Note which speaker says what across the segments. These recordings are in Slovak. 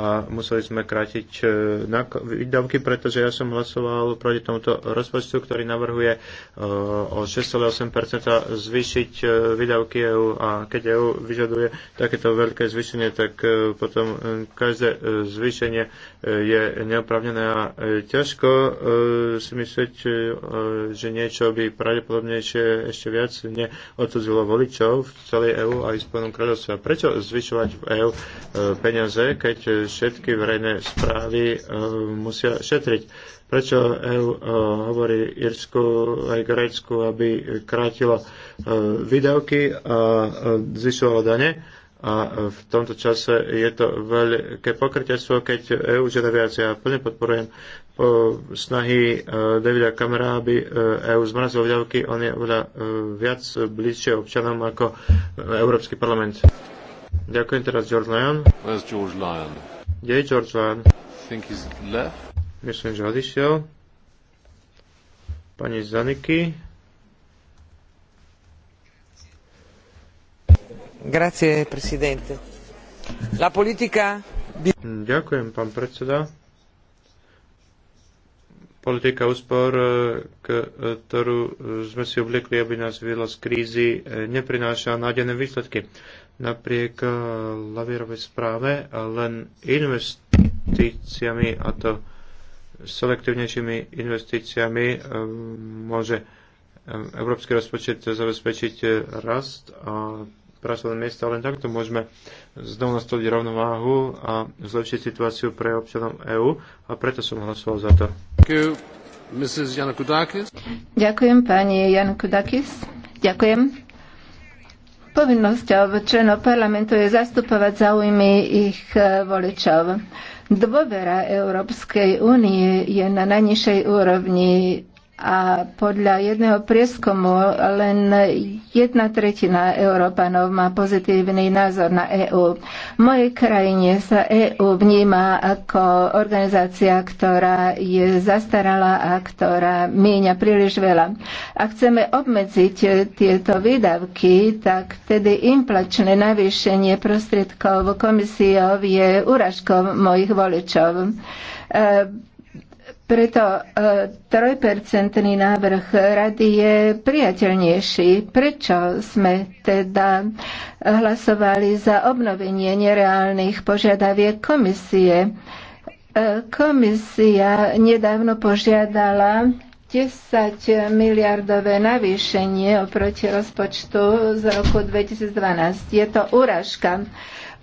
Speaker 1: a museli sme krátiť e, výdavky, pretože ja som hlasoval proti tomuto rozpočtu, ktorý navrhuje e, o 6,8% zvýšiť e, výdavky EU a keď EU vyžaduje takéto veľké zvýšenie, tak potom každé zvýšenie je neopravnené a ťažko si myslieť, že niečo by pravdepodobnejšie ešte viac neodsudzilo voličov v celej EU aj Spojenom kráľovstve. Prečo zvyšovať v EU peniaze, keď všetky verejné správy e, musia šetriť. Prečo EU e, hovorí Irsku aj Grécku, aby krátila e, výdavky a zvyšovala dane? A v tomto čase je to veľké pokrytectvo, keď EU žiada viac. Ja plne podporujem po snahy Davida Kamera, aby EU zmrazil výdavky. On je uh, viac bližšie občanom ako Európsky parlament. Ďakujem teraz George Lyon. Where's George Lyon? Kde je George Lane? Myslím, že odišiel. Pani Zaniky. Grazie, presidente. La politica... Ďakujem, pán predseda politika úspor, e, e, ktorú e, sme si obliekli, aby nás viedla z krízy, neprináša nádené výsledky napriek eh, lavírovej správe len investíciami a to selektívnejšími investíciami eh, môže eh, európsky rozpočet zabezpečiť rast a pracovné miesta. Len takto môžeme znovu nastaviť rovnováhu a zlepšiť situáciu pre občanov EÚ a preto som hlasoval za to.
Speaker 2: Ďakujem pani Janukudakis. Ďakujem. Povinnosťou členov parlamentu je zastupovať záujmy ich e, voličov. Dôvera Európskej únie je na najnižšej úrovni a podľa jedného prieskumu len jedna tretina Európanov má pozitívny názor na EÚ. V mojej krajine sa EÚ vníma ako organizácia, ktorá je zastarala, a ktorá míňa príliš veľa. Ak chceme obmedziť tieto výdavky, tak tedy implačné navýšenie prostriedkov komisiou je úražkou mojich voličov e, preto e, trojpercentný návrh rady je priateľnejší. Prečo sme teda hlasovali za obnovenie nereálnych požiadaviek komisie? E, komisia nedávno požiadala 10 miliardové navýšenie oproti rozpočtu z roku 2012. Je to úražka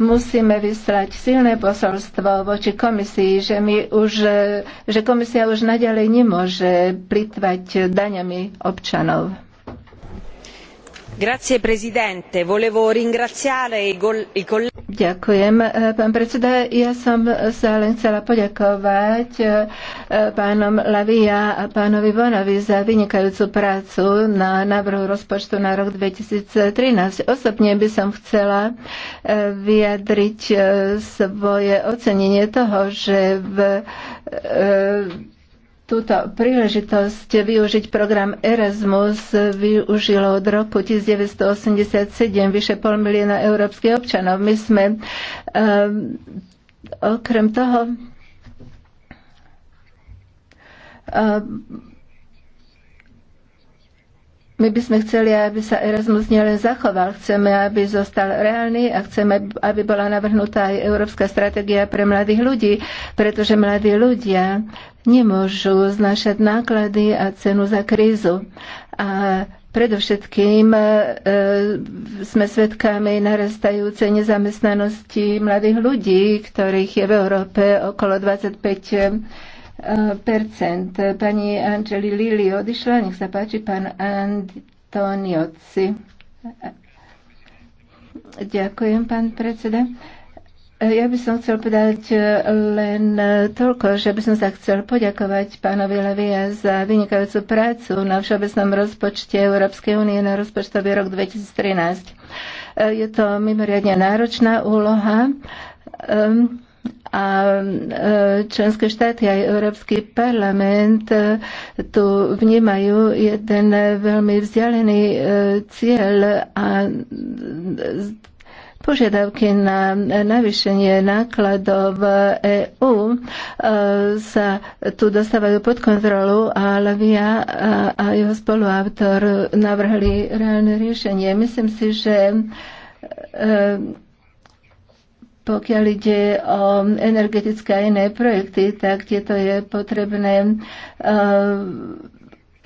Speaker 2: musíme vyslať silné posolstvo voči komisii, že, my už, že komisia už naďalej nemôže plitvať daňami občanov. Eh, pán predseda. Ja som sa len chcela poďakovať eh, pánom Lavia a pánovi Vonovi za vynikajúcu prácu na návrhu rozpočtu na rok 2013. Osobne by som chcela eh, vyjadriť svoje ocenenie toho, že v túto príležitosť využiť program Erasmus využilo od roku 1987 vyše pol milióna európskych občanov. My sme um, okrem toho um, my by sme chceli, aby sa Erasmus nielen zachoval, chceme, aby zostal reálny a chceme, aby bola navrhnutá aj európska stratégia pre mladých ľudí, pretože mladí ľudia nemôžu znašať náklady a cenu za krízu. A Predovšetkým e, sme svedkami narastajúcej nezamestnanosti mladých ľudí, ktorých je v Európe okolo 25 percent. Pani Angeli Lili odišla, nech sa páči, pán Antonioci. Ďakujem, pán predseda. Ja by som chcel povedať len toľko, že by som sa chcel poďakovať pánovi Levia za vynikajúcu prácu na všeobecnom rozpočte Európskej únie na rozpočtový rok 2013. Je to mimoriadne náročná úloha. Ehm, a e, členské štáty aj Európsky parlament e, tu vnímajú jeden veľmi vzdialený e, cieľ a požiadavky na navýšenie nákladov EÚ sa tu dostávajú pod kontrolu, ale Lavia a jeho spoluautor navrhli reálne riešenie. Myslím si, že pokiaľ ide o energetické a iné projekty, tak tieto je potrebné e,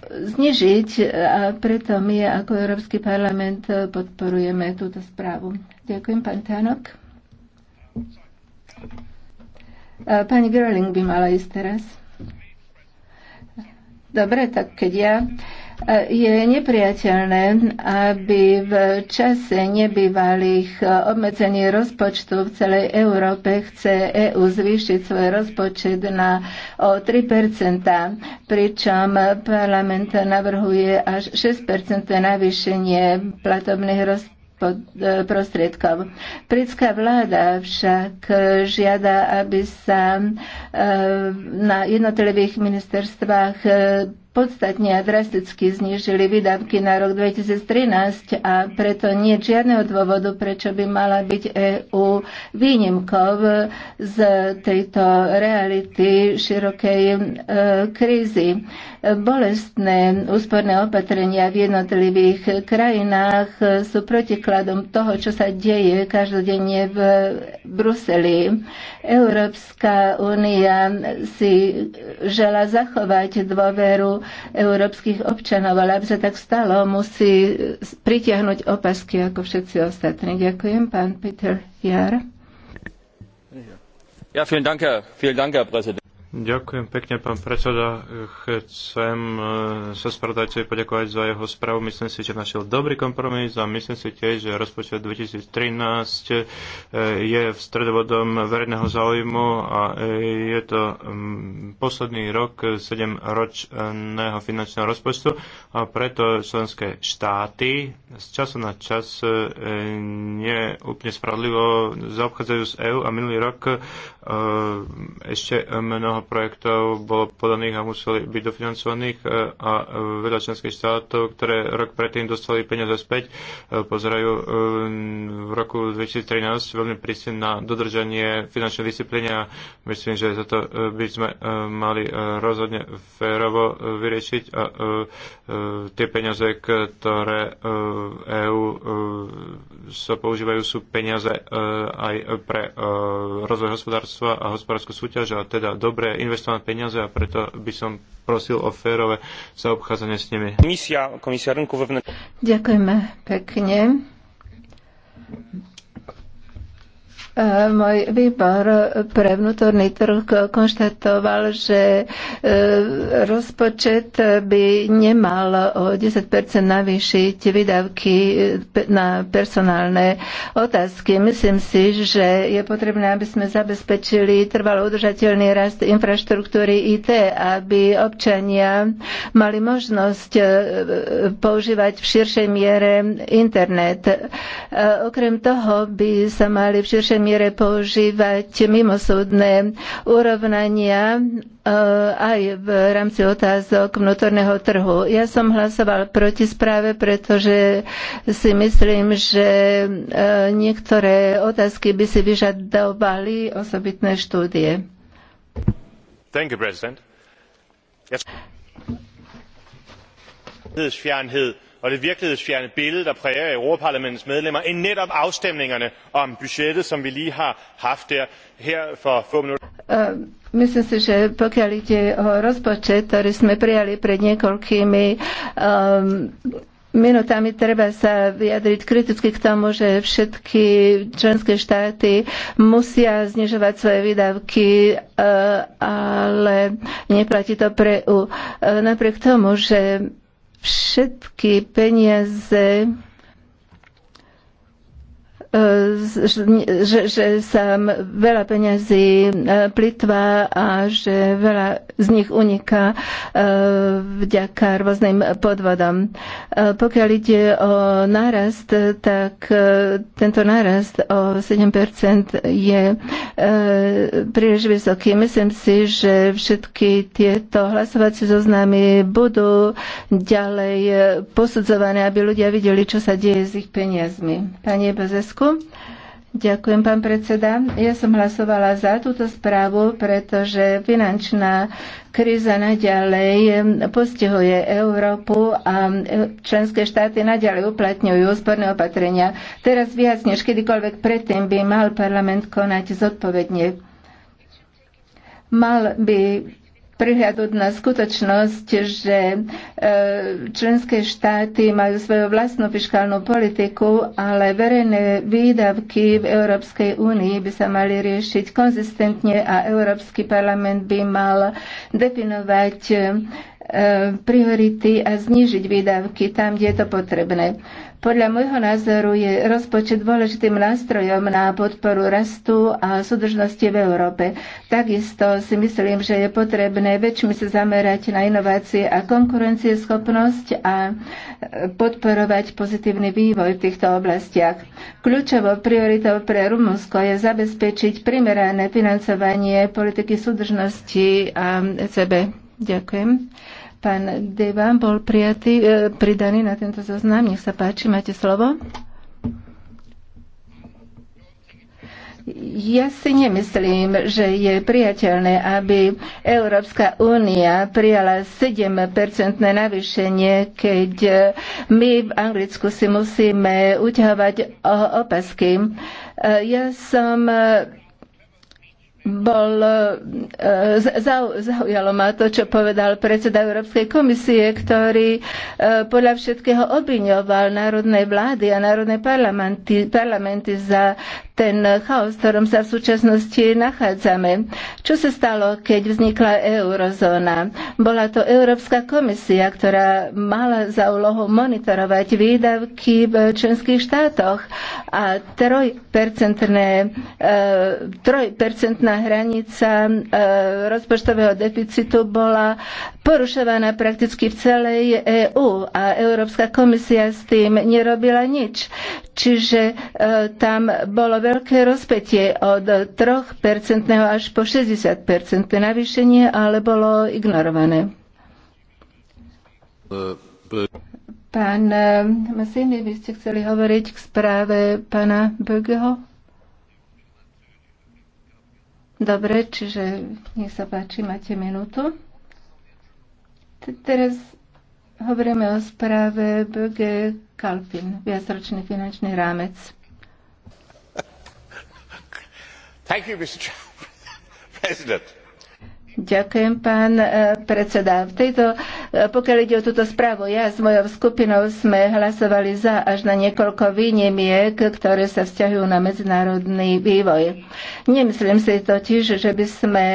Speaker 2: znižiť a preto my ako Európsky parlament podporujeme túto správu. Ďakujem, pán Tánok. E, pani Gerling by mala ísť teraz. Dobre, tak keď ja je nepriateľné, aby v čase nebývalých obmedzení rozpočtu v celej Európe chce EU zvýšiť svoj rozpočet na o 3%, pričom parlament navrhuje až 6% navýšenie platobných rozpočtov prostriedkov. Britská vláda však žiada, aby sa eh, na jednotlivých ministerstvách podstatne a drasticky znížili výdavky na rok 2013 a preto nie žiadneho dôvodu, prečo by mala byť EÚ výnimkov z tejto reality širokej e, krízy. Bolestné úsporné opatrenia v jednotlivých krajinách sú protikladom toho, čo sa deje každodenne v Bruseli. Európska únia si žela zachovať dôveru európskych občanov, ale aby sa tak stalo, musí pritiahnuť opasky ako všetci ostatní. Ďakujem, pán Peter Jar.
Speaker 1: Ja, vielen Dank, vielen Dank, Herr Präsident. Ďakujem pekne, pán predseda. Chcem e, sa spravodajcovi poďakovať za jeho správu. Myslím si, že našiel dobrý kompromis a myslím si tiež, že rozpočet 2013 e, je v stredovodom verejného záujmu a e, je to posledný rok 7-ročného finančného rozpočtu a preto členské štáty z času na čas nie úplne spravodlivo zaobchádzajú z EÚ a minulý rok ešte mnoho mnoho projektov bolo podaných a museli byť dofinancovaných e, a e, veľa členských štátov, ktoré rok predtým dostali peniaze späť, e, pozerajú v roku 2013 veľmi prísne na dodržanie finančnej disciplíny a myslím, že za to by sme mali rozhodne férovo vyriešiť a tie peniaze, ktoré EÚ sa používajú, sú peniaze aj pre rozvoj hospodárstva a hospodárskú súťaž a teda dobré investované peniaze a preto by som prosil o férové zaobchádzanie s nimi. Komisia rynku vevne...
Speaker 2: Ďakujeme pekne. E, môj výbor pre vnútorný trh konštatoval, že e, rozpočet by nemal o 10 navýšiť výdavky e, na personálne otázky. Myslím si, že je potrebné, aby sme zabezpečili trvalo udržateľný rast infraštruktúry IT, aby občania mali možnosť používať v širšej miere internet. Okrem toho by sa mali v širšej miere používať mimosúdne urovnania eh, aj v rámci otázok vnútorného trhu. Ja som hlasoval proti správe, pretože si myslím, že eh, niektoré otázky by si vyžadovali osobitné štúdie.
Speaker 1: Thank you, President. Yes og det er virkelighedsfjerne billede der præger europa parlamentets medlemmer end netop afstemningerne om budgettet som vi lige har haft her for
Speaker 2: få minutter ehm, Myslím si, že pokiaľ ide o rozpočet, ktorý sme prijali pred niekoľkými um, minutami treba sa vyjadriť kriticky k tomu, že všetky členské štáty musia znižovať svoje výdavky, ehm, ale neplatí to pre EU. Napriek tomu, že všetky peniaze že, že sa veľa peňazí e, plitvá a že veľa z nich uniká e, vďaka rôznym podvodom. E, pokiaľ ide o nárast, tak tento nárast o 7% je príliš vysoký. Myslím si, že všetky tieto hlasovacie zoznámy budú ďalej posudzované, aby ľudia videli, čo sa deje s ich peniazmi. Pani Bezesku, poriadku. Ďakujem, pán predseda. Ja som hlasovala za túto správu, pretože finančná kríza naďalej postihuje Európu a členské štáty naďalej uplatňujú úsporné opatrenia. Teraz viac než kedykoľvek predtým by mal parlament konať zodpovedne. Mal by prihľadu na skutočnosť, že e, členské štáty majú svoju vlastnú fiskálnu politiku, ale verejné výdavky v Európskej únii by sa mali riešiť konzistentne a Európsky parlament by mal definovať e, priority a znížiť výdavky tam, kde je to potrebné. Podľa môjho názoru je rozpočet dôležitým nástrojom na podporu rastu a súdržnosti v Európe. Takisto si myslím, že je potrebné väčšmi sa zamerať na inovácie a konkurencieschopnosť a e, podporovať pozitívny vývoj v týchto oblastiach. Kľúčovou prioritou pre Rumunsko je zabezpečiť primerané financovanie politiky súdržnosti a ECB. Ďakujem. Pán Devan bol prijatý, e, pridaný na tento zoznam. Nech sa páči, máte slovo. Ja si nemyslím, že je priateľné, aby Európska únia prijala 7-percentné navýšenie, keď my v Anglicku si musíme uťahovať opasky. E, ja som bol, e, zaujalo ma to, čo povedal predseda Európskej komisie, ktorý e, podľa všetkého obiňoval národné vlády a národné parlamenty, parlamenty za ten chaos, v ktorom sa v súčasnosti nachádzame. Čo sa stalo, keď vznikla eurozóna? Bola to Európska komisia, ktorá mala za úlohu monitorovať výdavky v členských štátoch a trojpercentné, e, trojpercentná hranica e, rozpočtového deficitu bola porušovaná prakticky v celej EÚ a Európska komisia s tým nerobila nič. Čiže e, tam bolo veľké rozpetie od 3% až po 60% navýšenie, ale bolo ignorované. Pán e, Masini, vy ste chceli hovoriť k správe pána Bögeho? Dobre, čiže nech sa páči, máte minútu. Teraz hovoríme o správe BG Kalfin, viacročný finančný rámec.
Speaker 1: Thank you, Mr. President.
Speaker 2: Ďakujem, pán eh, predseda. V tejto, eh, pokiaľ ide o túto správu, ja s mojou skupinou sme hlasovali za až na niekoľko výnimiek, ktoré sa vzťahujú na medzinárodný vývoj. Nemyslím si totiž, že by sme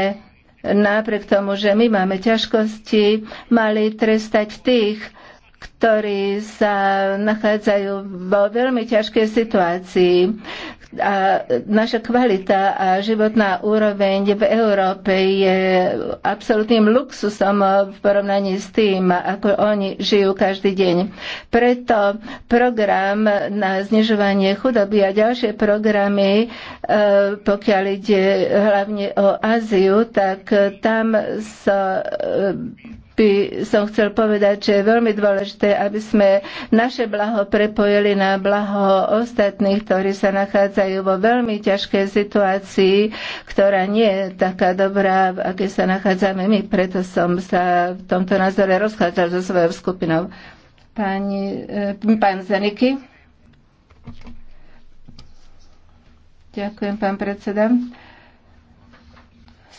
Speaker 2: napriek tomu, že my máme ťažkosti, mali trestať tých, ktorí sa nachádzajú vo veľmi ťažkej situácii a naša kvalita a životná úroveň v Európe je absolútnym luxusom v porovnaní s tým, ako oni žijú každý deň. Preto program na znižovanie chudoby a ďalšie programy, e, pokiaľ ide hlavne o Áziu, tak tam sa e, by som chcel povedať, že je veľmi dôležité, aby sme naše blaho prepojili na blaho ostatných, ktorí sa nachádzajú vo veľmi ťažkej situácii, ktorá nie je taká dobrá, v akej sa nachádzame my. Preto som sa v tomto názore rozchádzal so svojou skupinou. Pani, e, pán Zeniky. Ďakujem, pán predseda.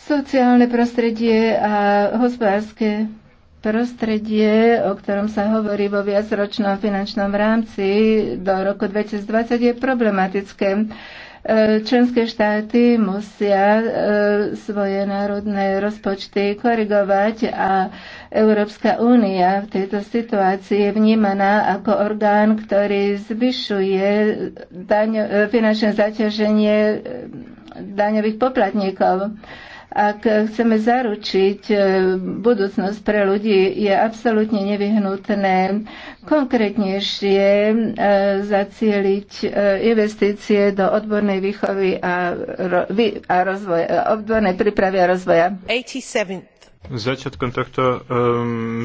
Speaker 2: Sociálne prostredie a hospodárske Prostredie, o ktorom sa hovorí vo viacročnom finančnom rámci do roku 2020, je problematické. E, členské štáty musia e, svoje národné rozpočty korigovať a Európska únia v tejto situácii je vnímaná ako orgán, ktorý zvyšuje daň, e, finančné zaťaženie daňových poplatníkov ak chceme zaručiť e, budúcnosť pre ľudí, je absolútne nevyhnutné konkrétnejšie e, zacieliť e, investície do odbornej výchovy a, rozvoja, odbornej prípravy a rozvoja. 87.
Speaker 1: Začiatkom tohto um,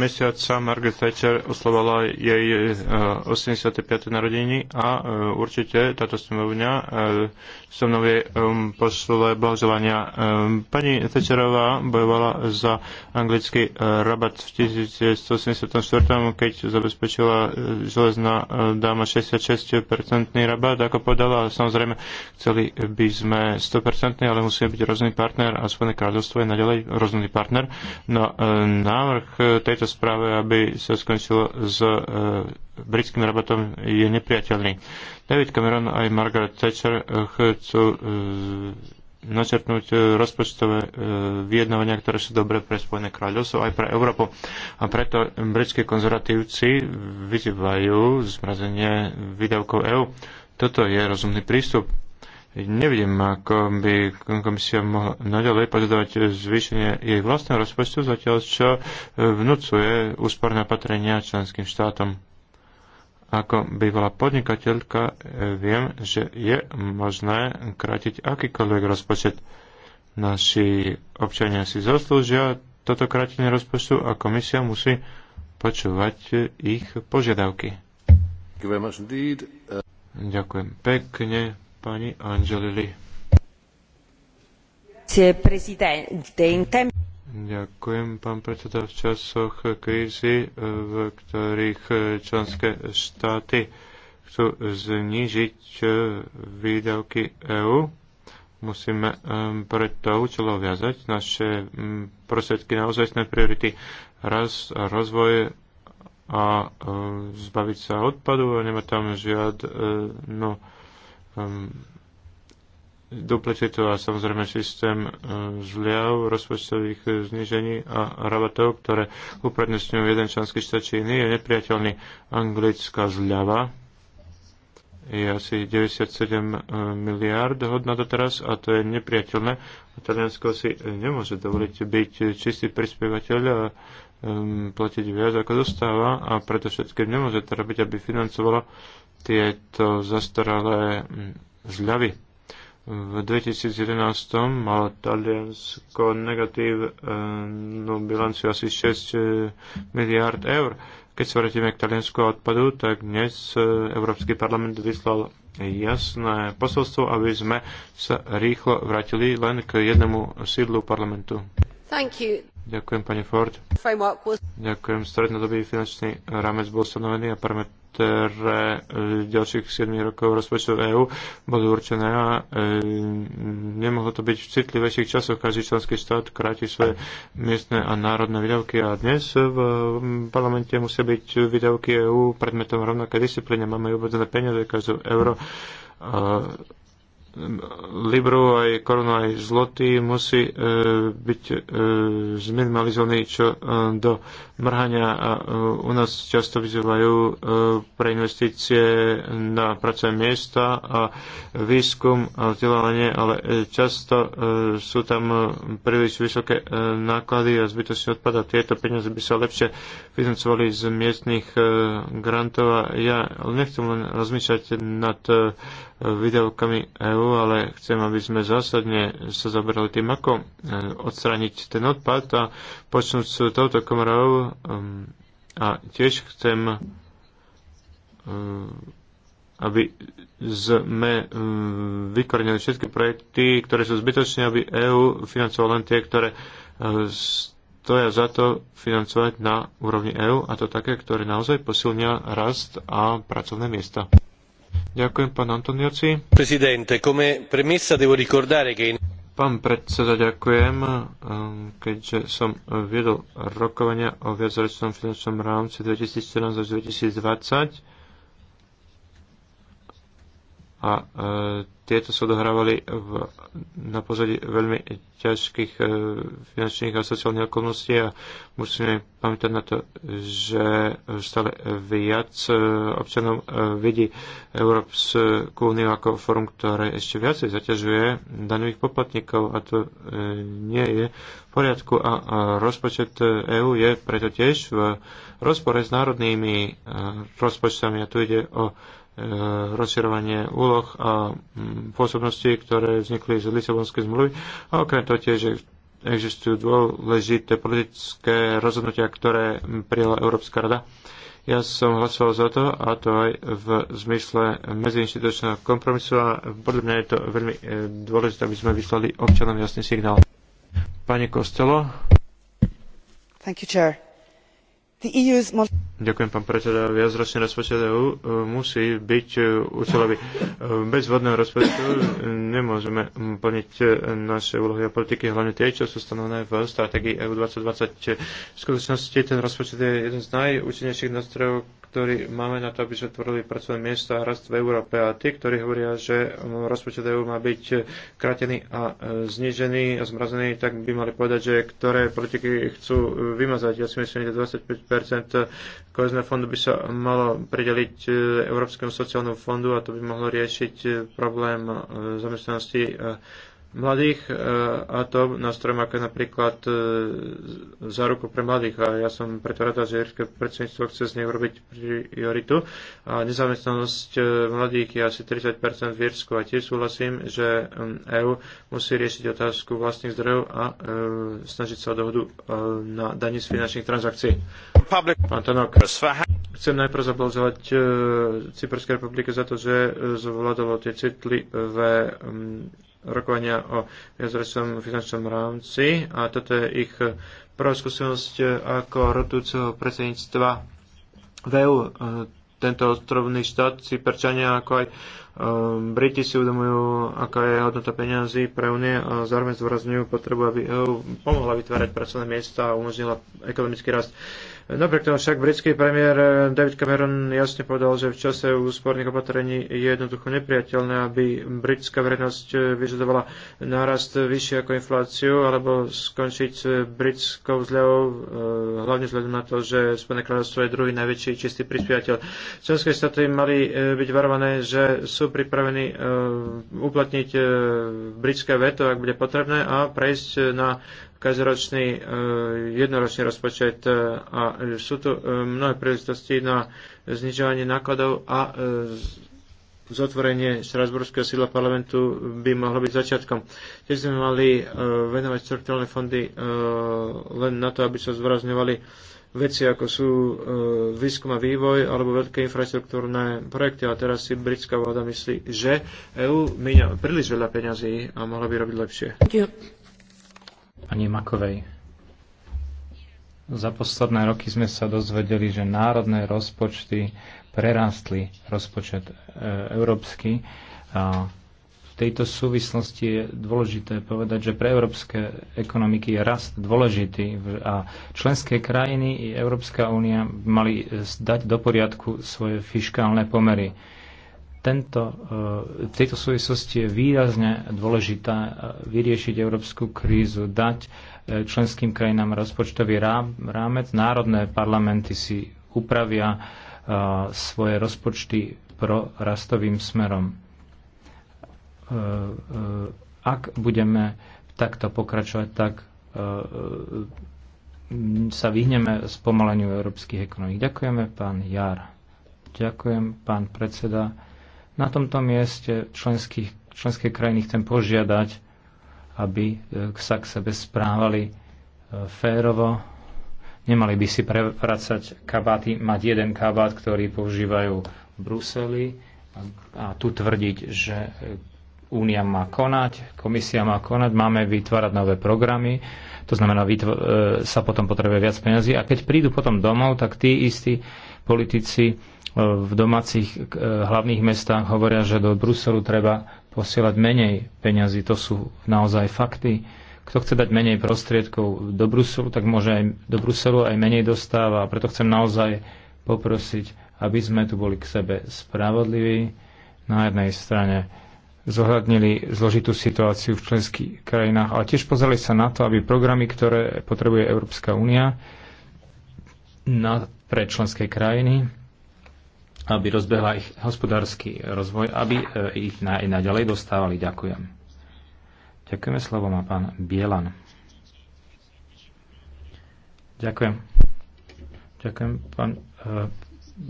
Speaker 1: mesiaca Margaret Thatcher oslovala jej uh, 85. narodení a uh, určite táto snemovňa uh, so mnou je um, ehm, pošle blahoželania. Um, pani Thatcherová bojovala za anglický uh, rabat v 1984, keď zabezpečila uh, železná uh, dáma 66 rabat, ako podala. Samozrejme, chceli by sme 100 ale musíme byť rozný partner a Spojené kráľovstvo je naďalej rozný partner No, e, návrh e, tejto správe, aby sa skončilo s e, britským rabatom, je nepriateľný. David Cameron aj Margaret Thatcher chcú načrtnúť rozpočtové vyjednávania, ktoré sú dobre pre Spojené kráľovstvo aj pre Európu. A preto britskí konzervatívci vyzývajú zmrazenie výdavkov EÚ. Toto je rozumný prístup. Nevidím, ako by komisia mohla naďalej požadovať zvýšenie jej vlastného rozpočtu, zatiaľ čo vnúcuje úsporné opatrenia členským štátom. Ako bývalá podnikateľka eh, viem, že je možné krátiť akýkoľvek rozpočet. Naši občania si zaslúžia toto krátenie rozpočtu a komisia musí počúvať ich požiadavky. Ďakujem pekne Pani Angelili. Ďakujem, pán predseda. V časoch krízy, eh, v ktorých eh, členské štáty chcú znižiť eh, výdavky EÚ, musíme preto účelo viazať naše mm, prostriedky na ozajstné priority raz rozvoje a zbaviť sa odpadu a nemá tam žiadnu no, Hm, duplicitú to a samozrejme systém eh, zliav, rozpočtových eh, znižení a rabatov, ktoré uprednostňujú jeden členský štát či iný, je nepriateľný anglická zľava, je asi 97 eh, miliárd hodná doteraz a to je nepriateľné. Taliansko si nemôže dovoliť byť čistý prispievateľ a um, platiť viac ako dostáva a preto všetkým nemôže to robiť, aby financovalo tieto zastaralé mm, zľavy. V 2011 mal Taliansko negatívnu e, no bilanciu asi 6 e, miliard eur. Keď sa vrátime k Taliansku odpadu, tak dnes e, Európsky parlament vyslal jasné posolstvo, aby sme sa rýchlo vrátili len k jednému sídlu parlamentu. Thank you. Ďakujem, pani Ford. Ďakujem. Strednodobý finančný rámec bol stanovený a parlament ktoré e, v ďalších 7 rokov rozpočtov EÚ budú určené a e, nemohlo to byť v citlivejších časoch. Každý členský štát kráti svoje miestne a národné výdavky a dnes v parlamente musia byť výdavky EÚ predmetom rovnaké disciplíne. Máme uvedzené peniaze, každú euro libru, aj korunu, aj zloty musí e, byť e, zminimalizovaný čo e, do mrhania a e, u nás často vyzývajú e, pre investície na pracovné miesta a výskum a vzdelávanie, ale e, často e, sú tam e, príliš vysoké e, náklady a zbytočne odpada. Tieto peniaze by sa lepšie financovali z miestnych e, grantov a ja nechcem len rozmýšľať nad e, videokami EU EÚ, ale chcem, aby sme zásadne sa zabrali tým, ako e, odstrániť ten odpad a počnúť s touto komorou ehm, a tiež chcem e, aby sme e, vykornili všetky projekty, ktoré sú zbytočné, aby EÚ financovala len tie, ktoré stoja za to financovať na úrovni EÚ, a to také, ktoré naozaj posilnia rast a pracovné miesta. Ďakujem, pán Antonioci. come premessa devo ricordare che... Pán predseda, ďakujem. Ehm, keďže som viedol rokovania o viacročnom finančnom rámci 2014 až twenty a e, tieto sa odohrávali v, na pozadí veľmi ťažkých e, finančných a sociálnych okolností a musíme pamätať na to, že stále viac e, občanov e, vidí Európsku úniu ako forum, ktoré ešte viacej zaťažuje daňových poplatníkov a to e, nie je v poriadku a, a rozpočet EÚ je preto tiež v rozpore s národnými e, rozpočtami a tu ide o Eh, rozširovanie úloh a mm, pôsobností, ktoré vznikli z Lisabonskej zmluvy. A okrem toho tiež existujú dôležité politické rozhodnutia, ktoré prijala Európska rada. Ja som hlasoval za to, a to aj v zmysle medziinstitučného kompromisu a podľa mňa je to veľmi eh, dôležité, aby sme vyslali občanom jasný signál. Pani Kostelo.
Speaker 2: Thank you, Chair. E
Speaker 1: Ďakujem, pán predseda. Viacročný rozpočet EU e, musí byť e, účelový. Bez vodného rozpočtu nemôžeme plniť naše úlohy a politiky, hlavne tie, čo sú stanovené v stratégii EU 2020. V skutočnosti ten rozpočet je jeden z najúčinnejších nástrojov, ktorý máme na to, aby sme tvorili pracovné miesta a rast v Európe. A tí, ktorí hovoria, že rozpočet EU má byť kratený a e, znižený a zmrazený, tak by mali povedať, že ktoré politiky chcú e, vymazať. Ja si myslím, že 25% kohezného fondu by sa malo prideliť e, Európskemu sociálnemu fondu a to by mohlo riešiť problém zamestnanosti mladých e, a to nástrojom ako napríklad e, za ruku pre mladých. A ja som preto rada, že Jerské predsedníctvo chce z nej urobiť prioritu. A nezamestnanosť e, mladých je asi 30% v Jersku a tiež súhlasím, že EÚ musí riešiť otázku vlastných zdrojov a snažiť sa o dohodu na daní z finančných transakcií. Pán Tanok. Chcem najprv e, Cyperskej republike za to, že zvládalo tie citlivé rokovania o viacročnom finančnom rámci a toto je ich prvá skúsenosť ako rotujúceho predsedníctva v EU. E, tento ostrovný štát si perčania ako aj e, Briti si uvedomujú, aká je hodnota peňazí pre Unie a zároveň zdôrazňujú potrebu, aby EU pomohla vytvárať pracovné miesta a umožnila ekonomický rast. Napriek tomu však britský premiér eh, David Cameron jasne povedal, že v čase úsporných opatrení je jednoducho nepriateľné, aby britská verejnosť eh, vyžadovala nárast vyššie ako infláciu, alebo skončiť s britskou zľavou, eh, hlavne vzhľadom na to, že Spojené kráľovstvo je druhý najväčší čistý prispievateľ. Členské štáty mali byť varované, že sú pripravení uplatniť britské veto, ak bude potrebné, a prejsť na každoročný e, jednoročný rozpočet e, a sú tu e, mnohé príležitosti na znižovanie nákladov a zotvorenie Štrasburského sídla parlamentu by mohlo byť začiatkom. Keď sme mali venovať strukturálne fondy len na to, aby sa zvrazňovali veci, ako sú výskum a vývoj alebo veľké infraštruktúrne projekty. A teraz si britská vláda myslí, že EU míňa príliš veľa peňazí a mohla by robiť lepšie.
Speaker 3: Ďakujem pani Makovej. Za posledné roky sme sa dozvedeli, že národné rozpočty prerástli rozpočet e, európsky. A v tejto súvislosti je dôležité povedať, že pre európske ekonomiky je rast dôležitý a členské krajiny i Európska únia mali dať do poriadku svoje fiškálne pomery tento, e, v tejto súvislosti je výrazne dôležité e, vyriešiť európsku krízu, dať e, členským krajinám rozpočtový rámec. Národné parlamenty si upravia svoje rozpočty pro rastovým smerom. Ak budeme takto pokračovať, tak sa vyhneme spomaleniu európskych ekonomík. Ďakujeme, pán Jar. Ďakujem, pán predseda. Na tomto mieste členských, členské krajiny chcem požiadať, aby e, sa k sebe správali e, férovo. Nemali by si prevracať kabáty, mať jeden kabát, ktorý používajú v Bruseli a tu tvrdiť, že e, Únia má konať, komisia má konať, máme vytvárať nové programy, to znamená, sa potom potrebuje viac peniazy a keď prídu potom domov, tak tí istí politici v domácich e, hlavných mestách hovoria, že do Bruselu treba posielať menej peňazí. To sú naozaj fakty. Kto chce dať menej prostriedkov do Bruselu, tak môže aj do Bruselu aj menej dostáva. A preto chcem naozaj poprosiť, aby sme tu boli k sebe spravodliví. Na jednej strane zohľadnili zložitú situáciu v členských krajinách, ale tiež pozreli sa na to, aby programy, ktoré potrebuje Európska únia pre členské krajiny, aby rozbehla ich hospodársky rozvoj, aby e, ich na, i naďalej dostávali. Ďakujem. Ďakujeme slovo má pán Bielan. Ďakujem. Ďakujem, pán e,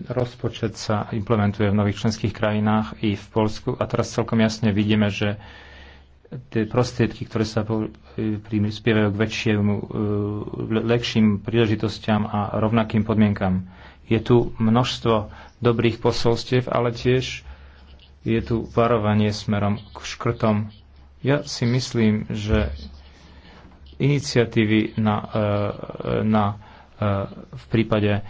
Speaker 3: rozpočet sa implementuje v nových členských krajinách i v Polsku a teraz celkom jasne vidíme, že tie prostriedky, ktoré sa e, prispievajú k väčšiemu, lepším príležitostiam a rovnakým podmienkam. Je tu množstvo dobrých posolstiev, ale tiež je tu varovanie smerom k škrtom. Ja si myslím, že iniciatívy na, e, e, na, e, v prípade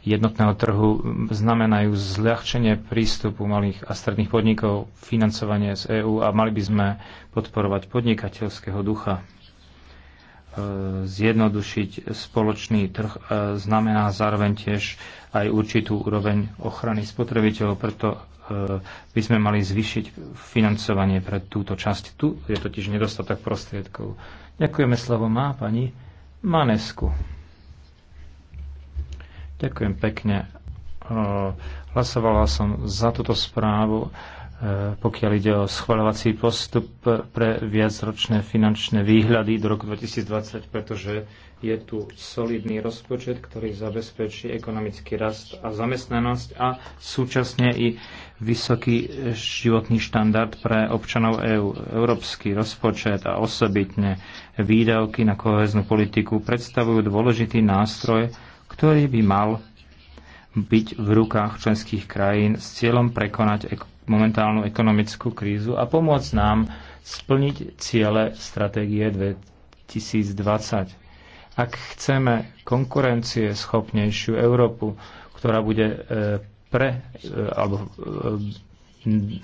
Speaker 3: jednotného trhu znamenajú zľahčenie prístupu malých a stredných podnikov, financovanie z EÚ a mali by sme podporovať podnikateľského ducha zjednodušiť spoločný trh znamená zároveň tiež aj určitú úroveň ochrany spotrebiteľov, preto e, by sme mali zvyšiť financovanie pre túto časť. Tu je totiž nedostatok prostriedkov. Ďakujeme, slovo má pani Manesku. Ďakujem pekne. E, hlasovala som za túto správu E, pokiaľ ide o schvaľovací postup pre viacročné finančné výhľady do roku 2020, pretože je tu solidný rozpočet, ktorý zabezpečí ekonomický rast a zamestnanosť a súčasne i vysoký životný štandard pre občanov EÚ. Európsky rozpočet a osobitne výdavky na koheznú politiku predstavujú dôležitý nástroj, ktorý by mal byť v rukách členských krajín s cieľom prekonať ek- momentálnu ekonomickú krízu a pomôcť nám splniť ciele stratégie 2020. Ak chceme konkurencie schopnejšiu Európu, ktorá bude e, pre e, alebo e,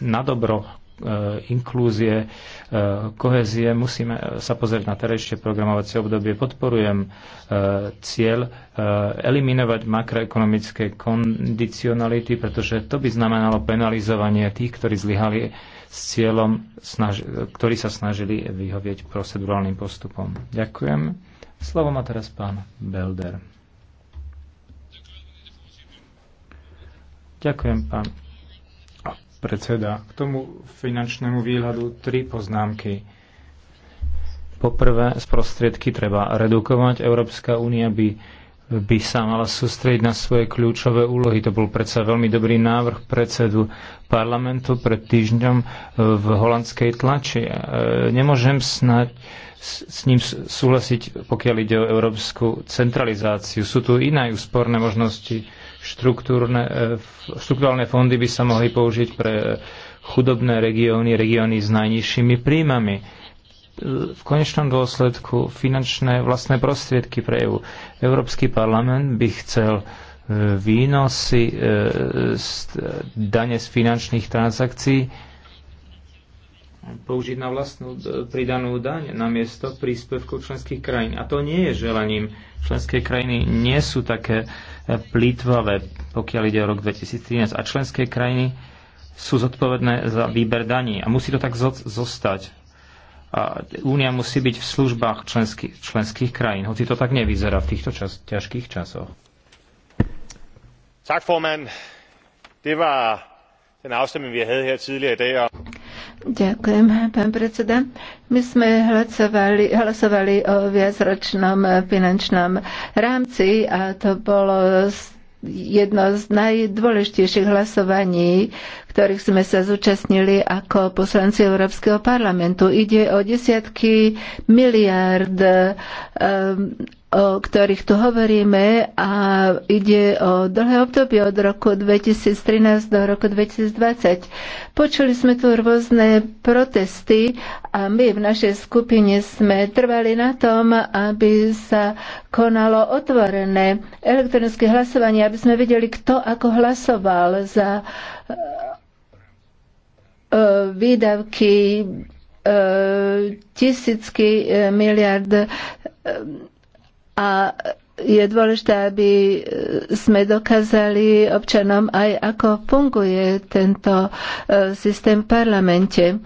Speaker 3: na dobro Eh, inklúzie, eh, kohezie. Musíme eh, sa pozrieť na terejšie programovacie obdobie. Podporujem cieľ eliminovať makroekonomické kondicionality, pretože to by znamenalo penalizovanie tých, ktorí zlyhali s cieľom, ktorí sa snažili vyhovieť procedurálnym postupom. Ďakujem. Slovo má teraz pán Belder. Ďakujem, pán predseda. K tomu finančnému výhľadu tri poznámky. Poprvé, prostriedky treba redukovať. Európska únia by, by sa mala sústrediť na svoje kľúčové úlohy. To bol predsa veľmi dobrý návrh predsedu parlamentu pred týždňom e, v holandskej tlači. E, nemôžem snať s ním súhlasiť, pokiaľ ide o európsku centralizáciu. Sú tu iné úsporné možnosti štruktúrne e, fondy by sa mohli použiť pre e, chudobné regióny, regióny s najnižšími príjmami. E, v konečnom dôsledku finančné vlastné prostriedky pre EU. Európsky parlament by chcel výnosy z dane z finančných transakcií použiť na vlastnú pridanú daň na miesto príspevkov členských krajín. A to nie je želaním. Členské krajiny nie sú také uh, plýtvavé, pokiaľ ide o rok 2013. A členské krajiny sú zodpovedné za výber daní. A musí to tak zostať. A únia musí byť v službách členských, členských krajín, hoci to tak nevyzerá v týchto čas, ťažkých časoch.
Speaker 1: Tak, formand. Det var den afstemning, vi havde her tidligere i dag.
Speaker 2: Ďakujem, pán predseda. My sme hlasovali, hlasovali o viacročnom finančnom rámci a to bolo jedno z najdôležitejších hlasovaní, ktorých sme sa zúčastnili ako poslanci Európskeho parlamentu. Ide o desiatky miliárd ehm, o ktorých tu hovoríme a ide o dlhé obdobie od roku 2013 do roku 2020. Počuli sme tu rôzne protesty a my v našej skupine sme trvali na tom, aby sa konalo otvorené elektronické hlasovanie, aby sme vedeli, kto ako hlasoval za E, výdavky e, tisícky e, miliard a je dôležité, aby sme dokázali občanom aj ako funguje tento systém v parlamente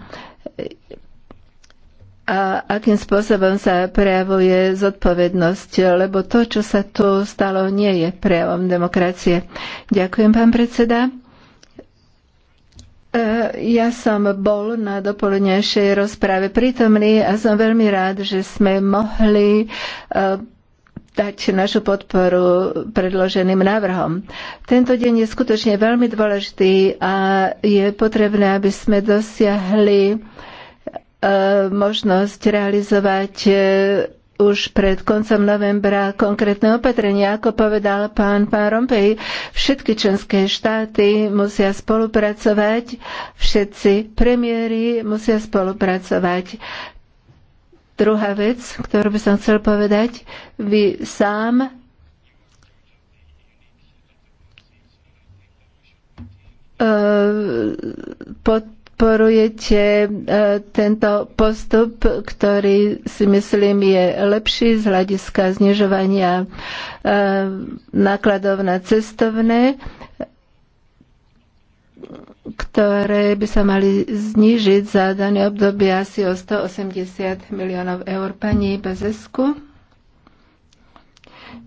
Speaker 2: a akým spôsobom sa prejavuje zodpovednosť, lebo to, čo sa tu stalo, nie je prejavom demokracie. Ďakujem, pán predseda. E, ja som bol na dopolednejšej rozprave prítomný a som veľmi rád, že sme mohli e, dať našu podporu predloženým návrhom. Tento deň je skutočne veľmi dôležitý a je potrebné, aby sme dosiahli e, možnosť realizovať už pred koncom novembra konkrétne opatrenia. Ako povedal pán, pán Rompej, všetky členské štáty musia spolupracovať, všetci premiéry musia spolupracovať. Druhá vec, ktorú by som chcel povedať, vy sám pod podporujete e, tento postup, ktorý si myslím je lepší z hľadiska znižovania e, nákladov na cestovné ktoré by sa mali znížiť za dané obdobie asi o 180 miliónov eur. Pani Bezesku.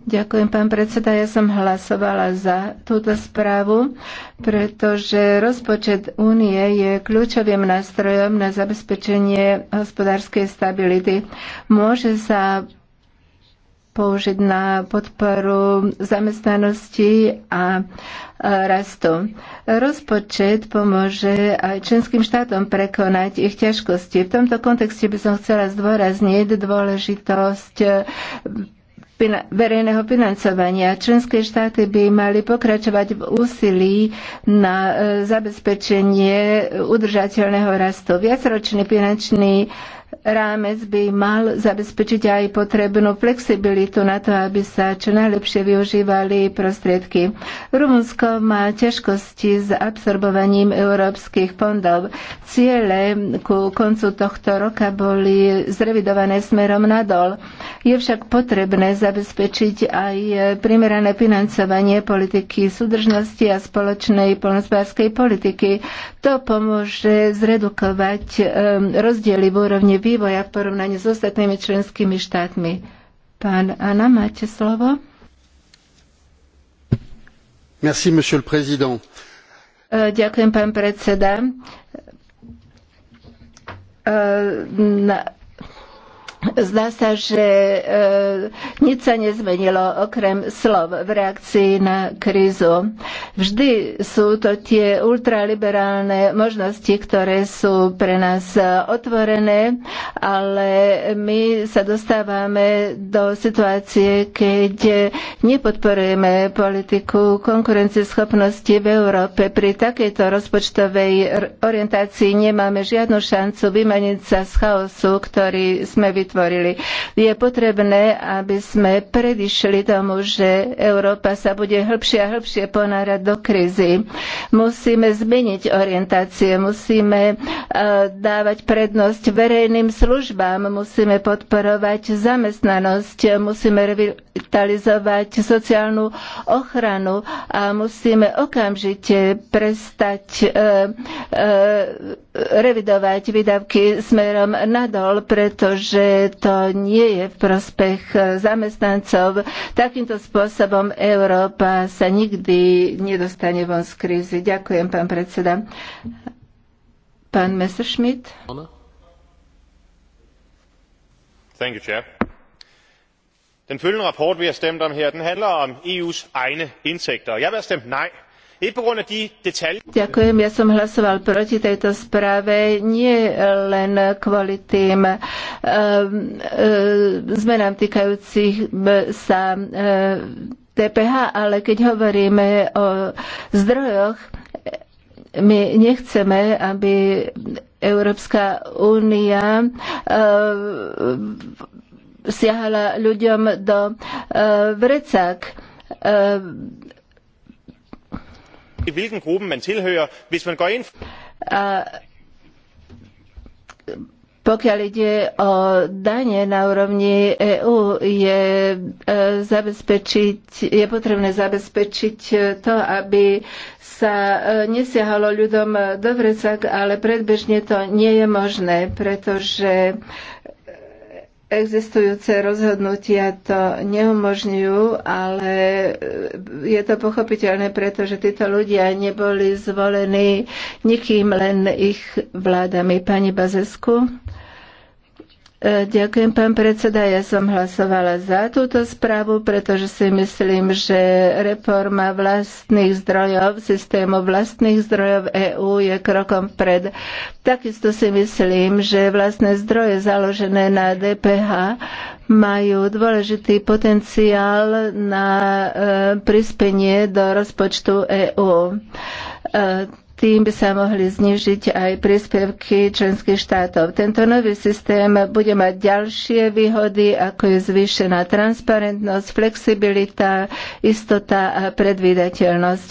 Speaker 2: Ďakujem, pán predseda. Ja som hlasovala za túto správu, pretože rozpočet únie je kľúčovým nástrojom na zabezpečenie hospodárskej stability. Môže sa použiť na podporu zamestnanosti a rastu. Rozpočet pomôže aj členským štátom prekonať ich ťažkosti. V tomto kontexte by som chcela zdôrazniť dôležitosť verejného financovania. Členské štáty by mali pokračovať v úsilí na e, zabezpečenie udržateľného rastu. Viacročný finančný rámec by mal zabezpečiť aj potrebnú flexibilitu na to, aby sa čo najlepšie využívali prostriedky. Rumunsko má ťažkosti s absorbovaním európskych fondov. Ciele ku koncu tohto roka boli zrevidované smerom nadol. Je však potrebné zabezpečiť aj primerané financovanie politiky súdržnosti a spoločnej polnospárskej politiky. To pomôže zredukovať ehm, rozdiely v úrovni vývoja v porovnaní s ostatnými členskými štátmi. Pán Anna, máte slovo?
Speaker 1: Merci, monsieur le président.
Speaker 2: E, ďakujem, pán predseda. E, na Zdá sa, že e, nič sa nezmenilo okrem slov v reakcii na krízu. Vždy sú to tie ultraliberálne možnosti, ktoré sú pre nás otvorené, ale my sa dostávame do situácie, keď nepodporujeme politiku konkurencieschopnosti v Európe. Pri takejto rozpočtovej orientácii nemáme žiadnu šancu vymaniť sa z chaosu, ktorý sme vytvorili vytvorili. Je potrebné, aby sme predišli tomu, že Európa sa bude hĺbšie a hĺbšie ponárať do krízy. Musíme zmeniť orientácie, musíme e, dávať prednosť verejným službám, musíme podporovať zamestnanosť, musíme revitalizovať sociálnu ochranu a musíme okamžite prestať e, e, revidovať výdavky smerom nadol, pretože to nie je v prospech zamestnancov. Takýmto spôsobom Európa sa nikdy nedostane von z krízy. Ďakujem, pán predseda. Pán Messerschmidt.
Speaker 1: Thank you, Chair. Den følgende rapport, vi har stemt om her, den handler om EU's egne indtægter. Jeg vil have stemt nej
Speaker 2: Ďakujem, ja som hlasoval proti tejto správe nie len kvôli tým um, um, zmenám týkajúcich sa um, eh, TPH, ale keď hovoríme o zdrojoch, my nechceme, aby Európska únia siahala ľuďom do vrecák
Speaker 1: hvilken gruppe man tilhører. Hvis man går ind...
Speaker 2: pokiaľ ide o dane na úrovni EÚ, je, e, zabezpečiť, je potrebné zabezpečiť to, aby sa e, nesiahalo ľuďom do vrecak, ale predbežne to nie je možné, pretože Existujúce rozhodnutia to neumožňujú, ale e, je to pochopiteľné, pretože títo ľudia neboli zvolení nikým, len ich vládami. Pani Bazesku. E, ďakujem, pán predseda. Ja som hlasovala za túto správu, pretože si myslím, že reforma vlastných zdrojov, systému vlastných zdrojov EÚ je krokom vpred. Takisto si myslím, že vlastné zdroje založené na DPH majú dôležitý potenciál na e, prispenie do rozpočtu EÚ tým by sa mohli znižiť aj príspevky členských štátov. Tento nový systém bude mať ďalšie výhody, ako je zvýšená transparentnosť, flexibilita, istota a predvídateľnosť.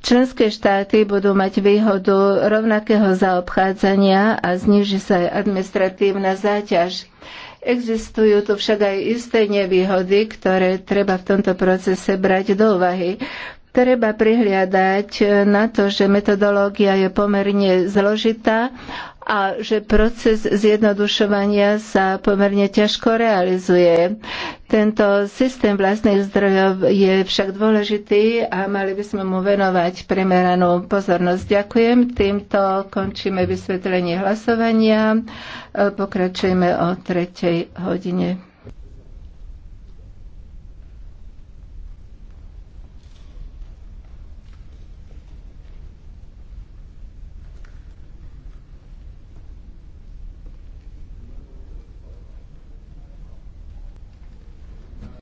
Speaker 2: Členské štáty budú mať výhodu rovnakého zaobchádzania a zniží sa aj administratívna záťaž. Existujú tu však aj isté nevýhody, ktoré treba v tomto procese brať do úvahy. Treba prihliadať na to, že metodológia je pomerne zložitá a že proces zjednodušovania sa pomerne ťažko realizuje. Tento systém vlastných zdrojov je však dôležitý a mali by sme mu venovať primeranú pozornosť. Ďakujem. Týmto končíme vysvetlenie hlasovania. Pokračujeme o tretej hodine.